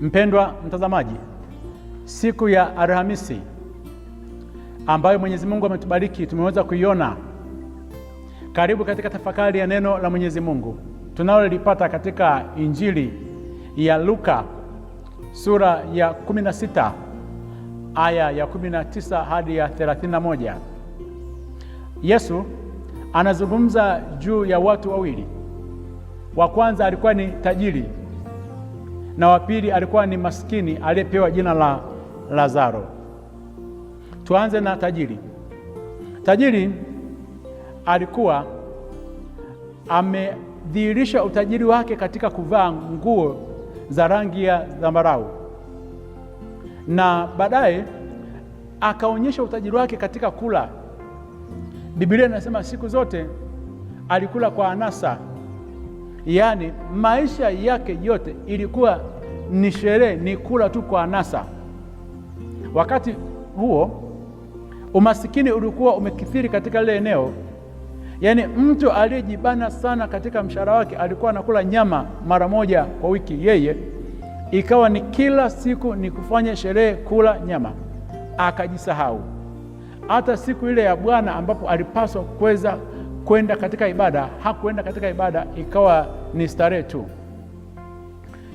Mpendwa mtazamaji, siku ya Alhamisi ambayo Mwenyezi Mungu ametubariki tumeweza kuiona. Karibu katika tafakari ya neno la Mwenyezi Mungu tunalolipata katika Injili ya Luka sura ya 16 aya ya 19 hadi ya 31. Yesu anazungumza juu ya watu wawili. Wa kwanza alikuwa ni tajiri na wa pili alikuwa ni maskini aliyepewa jina la Lazaro. Tuanze na tajiri. Tajiri alikuwa amedhihirisha utajiri wake katika kuvaa nguo za rangi ya zambarau, na baadaye akaonyesha utajiri wake katika kula. Biblia inasema siku zote alikula kwa anasa Yaani maisha yake yote ilikuwa ni sherehe, ni kula tu kwa anasa. Wakati huo umasikini ulikuwa umekithiri katika lile eneo, yaani mtu aliyejibana sana katika mshahara wake alikuwa anakula nyama mara moja kwa wiki, yeye ikawa ni kila siku ni kufanya sherehe, kula nyama, akajisahau hata siku ile ya Bwana ambapo alipaswa kuweza kwenda katika ibada, hakuenda katika ibada, ikawa ni starehe tu.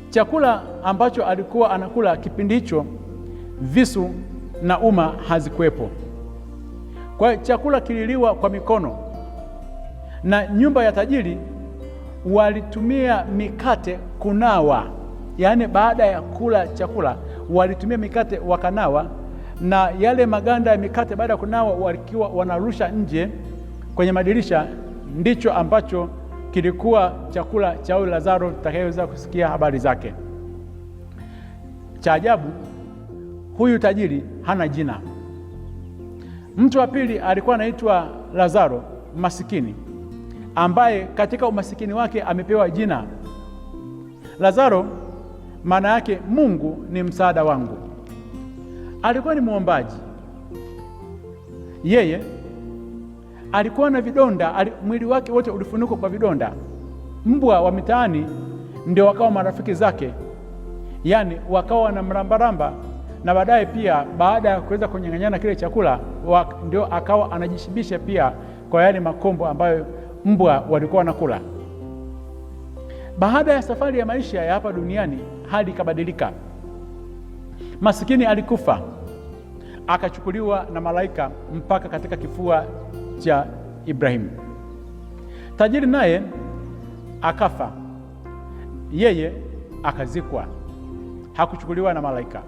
Chakula ambacho alikuwa anakula kipindi hicho, visu na uma hazikuwepo. Kwa hiyo chakula kililiwa kwa mikono, na nyumba ya tajiri walitumia mikate kunawa, yaani baada ya kula chakula walitumia mikate wakanawa, na yale maganda ya mikate baada ya kunawa walikiwa wanarusha nje kwenye madirisha ndicho ambacho kilikuwa chakula cha huyu Lazaro tutakayeweza kusikia habari zake. Cha ajabu, huyu tajiri hana jina. Mtu wa pili alikuwa anaitwa Lazaro, masikini, ambaye katika umasikini wake amepewa jina. Lazaro maana yake Mungu ni msaada wangu. Alikuwa ni mwombaji yeye alikuwa na vidonda ali, mwili wake wote ulifunikwa kwa vidonda. Mbwa wa mitaani ndio wakawa marafiki zake, yaani wakawa mrambaramba na baadaye pia baada ya kuweza kunyang'anyana kile chakula ndio akawa anajishibisha pia kwa yale makombo ambayo mbwa walikuwa wanakula. Baada ya safari ya maisha ya hapa duniani, hali ikabadilika. Masikini alikufa akachukuliwa na malaika mpaka katika kifua cha Ibrahimu. Tajiri naye akafa, yeye akazikwa, hakuchukuliwa na malaika.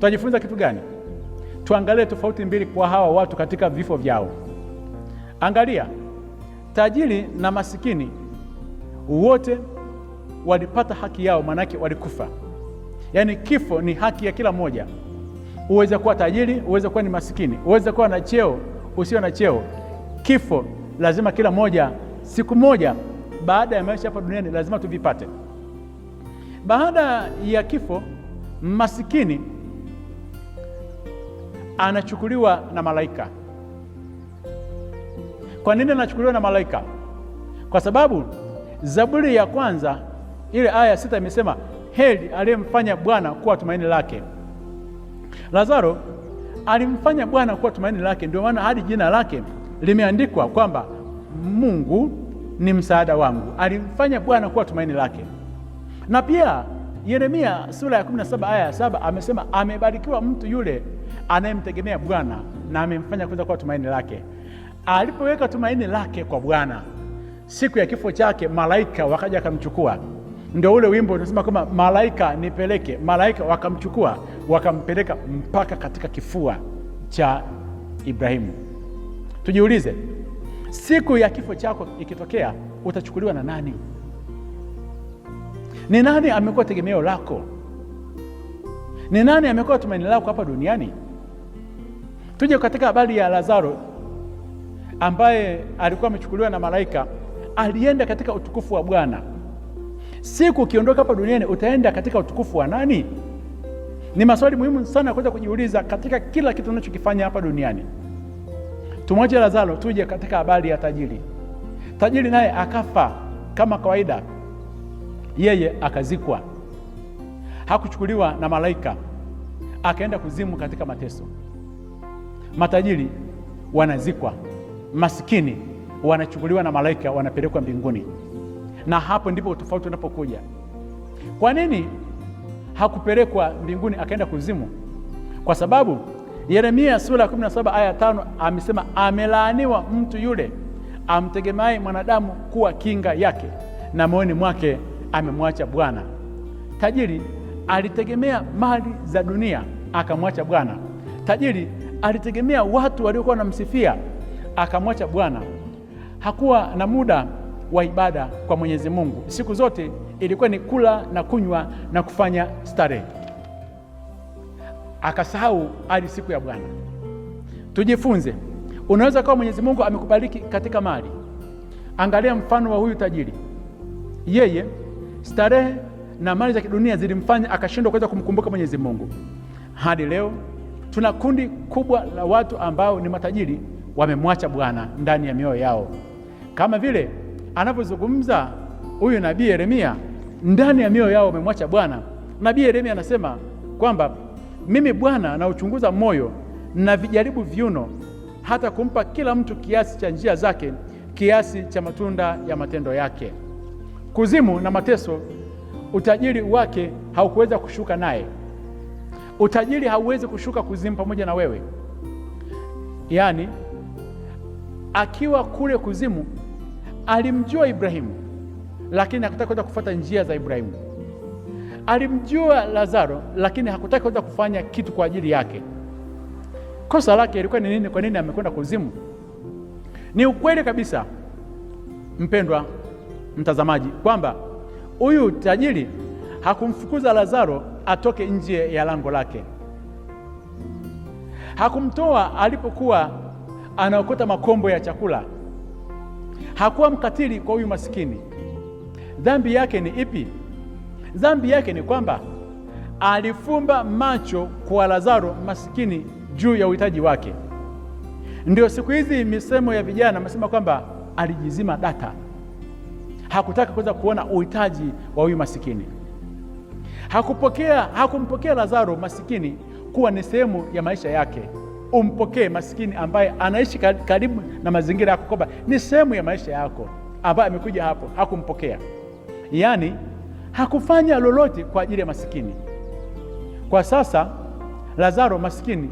Twajifunza kitu gani? Tuangalie tofauti mbili kwa hawa watu katika vifo vyao. Angalia, tajiri na masikini wote walipata haki yao, maanake walikufa. Yaani kifo ni haki ya kila mmoja, uweze kuwa tajiri, uweze kuwa ni masikini, uweze kuwa na cheo usio na cheo, kifo. Lazima kila moja siku moja baada ya maisha hapa duniani lazima tuvipate. Baada ya kifo, masikini anachukuliwa na malaika. Kwa nini anachukuliwa na malaika? Kwa sababu Zaburi ya kwanza ile aya sita imesema heli aliyemfanya Bwana kuwa tumaini lake. Lazaro Alimfanya Bwana kuwa tumaini lake, ndio maana hadi jina lake limeandikwa kwamba Mungu ni msaada wangu. Alimfanya Bwana kuwa tumaini lake. Na pia Yeremia sura ya 17 aya ya saba amesema, amebarikiwa mtu yule anayemtegemea Bwana na amemfanya kuweza kuwa tumaini lake. Alipoweka tumaini lake kwa Bwana, siku ya kifo chake malaika wakaja akamchukua Ndo ule wimbo unasema kwamba malaika nipeleke, malaika wakamchukua wakampeleka mpaka katika kifua cha Ibrahimu. Tujiulize, siku ya kifo chako ikitokea, utachukuliwa na nani? Ni nani amekuwa tegemeo lako? Ni nani amekuwa tumaini lako hapa duniani? Tuje katika habari ya Lazaro ambaye alikuwa amechukuliwa na malaika, alienda katika utukufu wa Bwana. Siku ukiondoka hapa duniani utaenda katika utukufu wa nani? Ni maswali muhimu sana kuweza kujiuliza katika kila kitu unachokifanya hapa duniani. Tumwache Lazaro, tuje katika habari ya tajiri. Tajiri naye akafa kama kawaida, yeye akazikwa, hakuchukuliwa na malaika, akaenda kuzimu katika mateso. Matajiri wanazikwa, masikini wanachukuliwa na malaika, wanapelekwa mbinguni na hapo ndipo tofauti unapokuja. Kwa nini hakupelekwa mbinguni akaenda kuzimu? Kwa sababu Yeremia sura ya 17 aya tano amesema, amelaaniwa mtu yule amtegemaye mwanadamu kuwa kinga yake, na moyoni mwake amemwacha Bwana. Tajiri alitegemea mali za dunia akamwacha Bwana. Tajiri alitegemea watu waliokuwa wanamsifia akamwacha Bwana. Hakuwa na muda wa ibada kwa Mwenyezi Mungu siku zote ilikuwa ni kula na kunywa na kufanya starehe, akasahau hadi siku ya Bwana. Tujifunze, unaweza kuwa Mwenyezi Mungu amekubariki katika mali. Angalia mfano wa huyu tajiri, yeye starehe na mali za kidunia zilimfanya akashindwa kuweza kumkumbuka Mwenyezi Mungu. Hadi leo tuna kundi kubwa la watu ambao ni matajiri, wamemwacha Bwana ndani ya mioyo yao, kama vile anapozungumza huyu nabii Yeremia, ndani ya mioyo yao wamemwacha Bwana. Nabii Yeremia anasema kwamba mimi Bwana nauchunguza moyo na vijaribu viuno, hata kumpa kila mtu kiasi cha njia zake, kiasi cha matunda ya matendo yake. Kuzimu na mateso, utajiri wake haukuweza kushuka naye. Utajiri hauwezi kushuka kuzimu pamoja na wewe. Yaani, akiwa kule kuzimu alimjua Ibrahimu, lakini hakutaka kwenda kufuata njia za Ibrahimu. Alimjua Lazaro, lakini hakutaka kwenda kufanya kitu kwa ajili yake. Kosa lake ilikuwa ni nini? Kwa nini amekwenda kuzimu? Ni ukweli kabisa, mpendwa mtazamaji, kwamba huyu tajiri hakumfukuza Lazaro atoke nje ya lango lake, hakumtoa alipokuwa anaokota makombo ya chakula Hakuwa mkatili kwa huyu masikini. Dhambi yake ni ipi? Dhambi yake ni kwamba alifumba macho kwa Lazaro masikini juu ya uhitaji wake. Ndio siku hizi misemo ya vijana amesema kwamba alijizima data, hakutaka kuweza kuona uhitaji wa huyu masikini. Hakupokea, hakumpokea Lazaro masikini kuwa ni sehemu ya maisha yake umpokee maskini ambaye anaishi karibu na mazingira yako, kwamba ni sehemu ya maisha yako, ambaye amekuja hapo hakumpokea, yaani hakufanya lolote kwa ajili ya masikini. Kwa sasa Lazaro masikini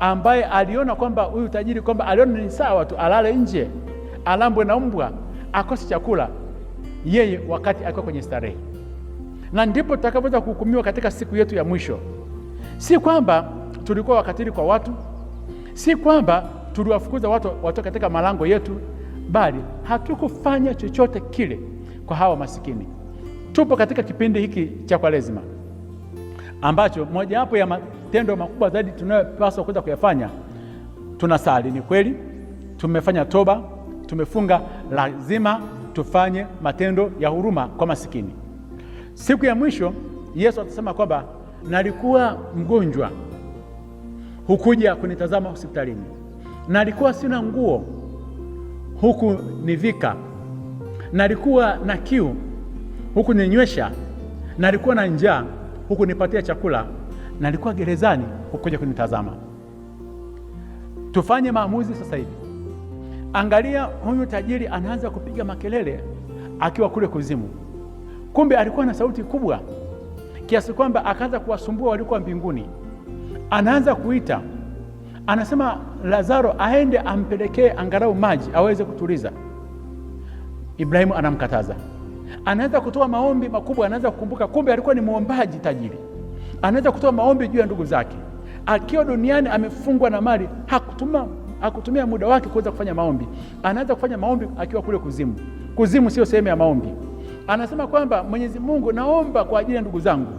ambaye aliona kwamba huyu tajiri kwamba aliona ni sawa tu alale nje, alambwe na mbwa, akose chakula, yeye wakati akiwa kwenye starehe. Na ndipo tutakapoweza kuhukumiwa katika siku yetu ya mwisho, si kwamba tulikuwa wakatili kwa watu Si kwamba tuliwafukuza watu watoke katika malango yetu, bali hatukufanya chochote kile kwa hawa masikini. Tupo katika kipindi hiki cha Kwaresima ambacho mojawapo ya matendo makubwa zaidi tunayopaswa kuweza kuyafanya, tunasali. Ni kweli tumefanya toba, tumefunga, lazima tufanye matendo ya huruma kwa masikini. Siku ya mwisho Yesu atasema kwamba nalikuwa mgonjwa hukuja kunitazama hospitalini, na alikuwa sina nguo huku nivika, na alikuwa na kiu huku ninywesha, na alikuwa na njaa huku nipatia chakula, na alikuwa gerezani hukuja kunitazama. Tufanye maamuzi sasa hivi. Angalia, huyu tajiri anaanza kupiga makelele akiwa kule kuzimu, kumbe alikuwa na sauti kubwa kiasi kwamba akaanza kuwasumbua walikuwa mbinguni anaanza kuita, anasema Lazaro aende ampelekee angalau maji aweze kutuliza. Ibrahimu anamkataza. Anaanza kutoa maombi makubwa, anaanza kukumbuka kumbe alikuwa ni muombaji tajiri. Anaanza kutoa maombi juu ya ndugu zake. Akiwa duniani amefungwa na mali, hakutuma hakutumia muda wake kuweza kufanya maombi. Anaanza kufanya maombi akiwa kule kuzimu. Kuzimu sio sehemu ya maombi. Anasema kwamba Mwenyezi Mungu, naomba kwa ajili ya ndugu zangu.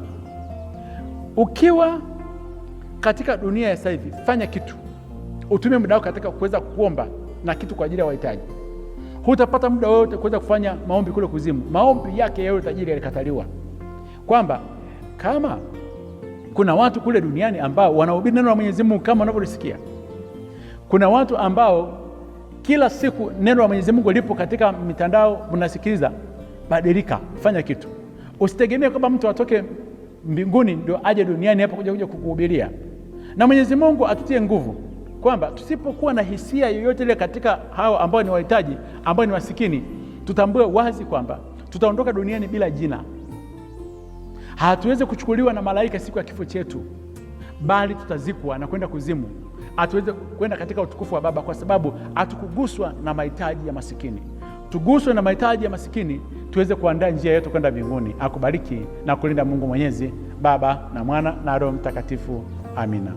Ukiwa katika dunia ya sasa hivi, fanya kitu, utumie muda wako katika kuweza kuomba na kitu kwa ajili ya wahitaji. Hutapata muda wote kuweza kufanya maombi kule kuzimu. Maombi yake yeye tajiri yalikataliwa, kwamba kama kuna watu kule duniani ambao wanahubiri neno la Mwenyezi Mungu kama wanavyolisikia. Kuna watu ambao kila siku neno la Mwenyezi Mungu lipo katika mitandao, mnasikiliza. Badilika, fanya kitu, usitegemee kwamba mtu atoke mbinguni ndio aje duniani hapa kuja kuja kukuhubiria. Na Mwenyezi Mungu atutie nguvu kwamba tusipokuwa na hisia yoyote ile katika hao ambao ni wahitaji, ambao ni masikini, tutambue wazi kwamba tutaondoka duniani bila jina. Hatuwezi kuchukuliwa na malaika siku ya kifo chetu, bali tutazikwa na kwenda kuzimu. hatuweze kwenda katika utukufu wa Baba kwa sababu hatukuguswa na mahitaji ya masikini tuguswe na mahitaji ya masikini, tuweze kuandaa njia yetu kwenda mbinguni. Akubariki na kulinda Mungu Mwenyezi, Baba na Mwana na Roho Mtakatifu. Amina.